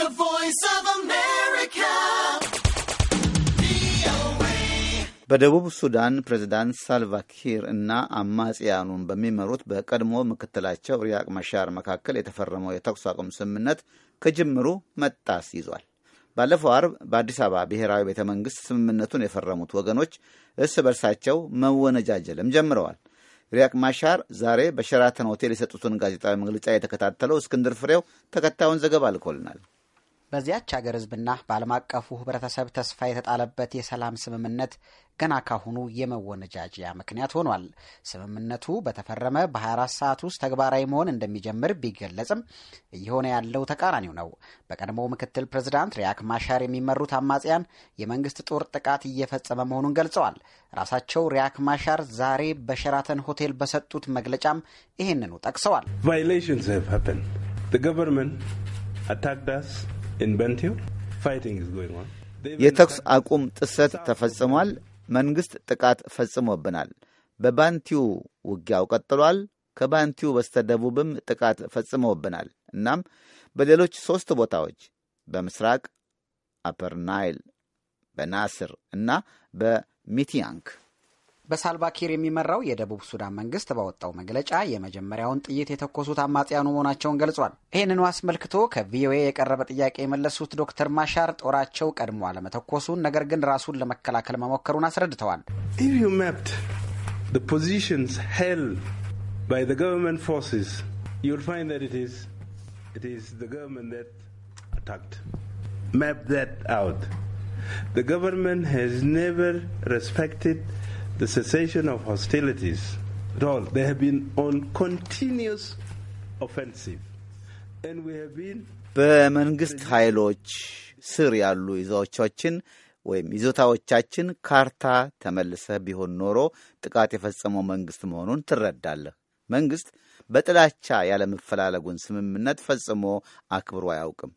The Voice of America. በደቡብ ሱዳን ፕሬዝዳንት ሳልቫኪር እና አማጽያኑን በሚመሩት በቀድሞ ምክትላቸው ሪያቅ ማሻር መካከል የተፈረመው የተኩስ አቁም ስምምነት ከጅምሩ መጣስ ይዟል። ባለፈው አርብ በአዲስ አበባ ብሔራዊ ቤተ መንግሥት ስምምነቱን የፈረሙት ወገኖች እርስ በርሳቸው መወነጃጀልም ጀምረዋል። ሪያቅ ማሻር ዛሬ በሸራተን ሆቴል የሰጡትን ጋዜጣዊ መግለጫ የተከታተለው እስክንድር ፍሬው ተከታዩን ዘገባ ልኮልናል። በዚያች አገር ህዝብና በዓለም አቀፉ ህብረተሰብ ተስፋ የተጣለበት የሰላም ስምምነት ገና ካሁኑ የመወነጃጅያ ምክንያት ሆኗል። ስምምነቱ በተፈረመ በ24 ሰዓት ውስጥ ተግባራዊ መሆን እንደሚጀምር ቢገለጽም እየሆነ ያለው ተቃራኒው ነው። በቀድሞው ምክትል ፕሬዚዳንት ሪያክ ማሻር የሚመሩት አማጽያን የመንግስት ጦር ጥቃት እየፈጸመ መሆኑን ገልጸዋል። ራሳቸው ሪያክ ማሻር ዛሬ በሸራተን ሆቴል በሰጡት መግለጫም ይህንኑ ጠቅሰዋል። ቫዮሌሽንስ ሃቭ ዘ ገቨርንመንት አታክድ አስ የተኩስ አቁም ጥሰት ተፈጽሟል። መንግሥት ጥቃት ፈጽሞብናል። በባንቲው ውጊያው ቀጥሏል። ከባንቲው በስተደቡብም ጥቃት ፈጽሞብናል እናም በሌሎች ሦስት ቦታዎች በምስራቅ አፐርናይል በናስር እና በሚቲያንክ በሳልቫኪር የሚመራው የደቡብ ሱዳን መንግስት ባወጣው መግለጫ የመጀመሪያውን ጥይት የተኮሱት አማጽያኑ መሆናቸውን ገልጿል። ይህንኑ አስመልክቶ ከቪኦኤ የቀረበ ጥያቄ የመለሱት ዶክተር ማሻር ጦራቸው ቀድሞ አለመተኮሱን፣ ነገር ግን ራሱን ለመከላከል መሞከሩን አስረድተዋል። respected the cessation of hostilities at all. They have been on continuous offensive. And we have been በመንግስት ኃይሎች ስር ያሉ ይዞቻችን ወይም ይዞታዎቻችን ካርታ ተመልሰህ ቢሆን ኖሮ ጥቃት የፈጸመው መንግስት መሆኑን ትረዳለህ። መንግስት በጥላቻ ያለመፈላለጉን ስምምነት ፈጽሞ አክብሮ አያውቅም።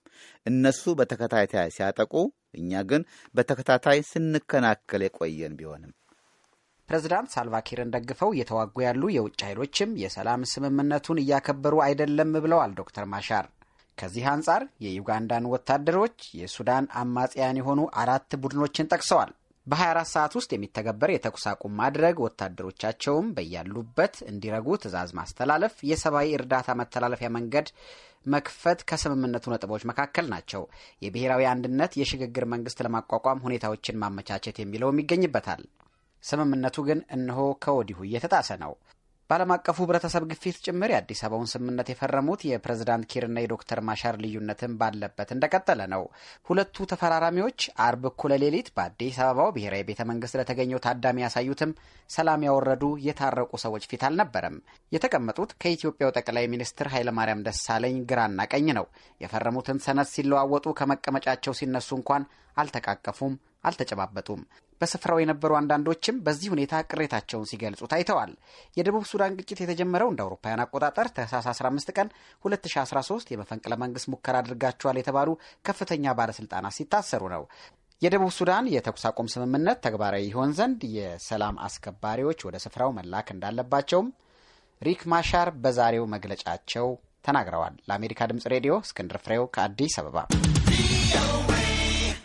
እነሱ በተከታታይ ሲያጠቁ፣ እኛ ግን በተከታታይ ስንከናከል የቆየን ቢሆንም ፕሬዝዳንት ሳልቫኪርን ደግፈው እየተዋጉ ያሉ የውጭ ኃይሎችም የሰላም ስምምነቱን እያከበሩ አይደለም ብለዋል ዶክተር ማሻር። ከዚህ አንጻር የዩጋንዳን ወታደሮች የሱዳን አማጽያን የሆኑ አራት ቡድኖችን ጠቅሰዋል። በ24 ሰዓት ውስጥ የሚተገበር የተኩስ አቁም ማድረግ፣ ወታደሮቻቸውም በያሉበት እንዲረጉ ትዕዛዝ ማስተላለፍ፣ የሰብአዊ እርዳታ መተላለፊያ መንገድ መክፈት ከስምምነቱ ነጥቦች መካከል ናቸው። የብሔራዊ አንድነት የሽግግር መንግስት ለማቋቋም ሁኔታዎችን ማመቻቸት የሚለውም ይገኝበታል። ስምምነቱ ግን እነሆ ከወዲሁ እየተጣሰ ነው። በዓለም አቀፉ ህብረተሰብ ግፊት ጭምር የአዲስ አበባውን ስምምነት የፈረሙት የፕሬዝዳንት ኪርና የዶክተር ማሻር ልዩነትም ባለበት እንደቀጠለ ነው። ሁለቱ ተፈራራሚዎች አርብ እኩለ ሌሊት በአዲስ አበባው ብሔራዊ ቤተ መንግስት ለተገኘው ታዳሚ ያሳዩትም ሰላም ያወረዱ የታረቁ ሰዎች ፊት አልነበረም። የተቀመጡት ከኢትዮጵያው ጠቅላይ ሚኒስትር ኃይለማርያም ደሳለኝ ግራና ቀኝ ነው። የፈረሙትን ሰነድ ሲለዋወጡ ከመቀመጫቸው ሲነሱ እንኳን አልተቃቀፉም፣ አልተጨባበጡም። በስፍራው የነበሩ አንዳንዶችም በዚህ ሁኔታ ቅሬታቸውን ሲገልጹ ታይተዋል። የደቡብ ሱዳን ግጭት የተጀመረው እንደ አውሮፓውያን አቆጣጠር ታህሳስ 15 ቀን 2013 የመፈንቅለ መንግስት ሙከራ አድርጋችኋል የተባሉ ከፍተኛ ባለስልጣናት ሲታሰሩ ነው። የደቡብ ሱዳን የተኩስ አቁም ስምምነት ተግባራዊ ይሆን ዘንድ የሰላም አስከባሪዎች ወደ ስፍራው መላክ እንዳለባቸውም ሪክ ማሻር በዛሬው መግለጫቸው ተናግረዋል። ለአሜሪካ ድምጽ ሬዲዮ እስክንድር ፍሬው ከአዲስ አበባ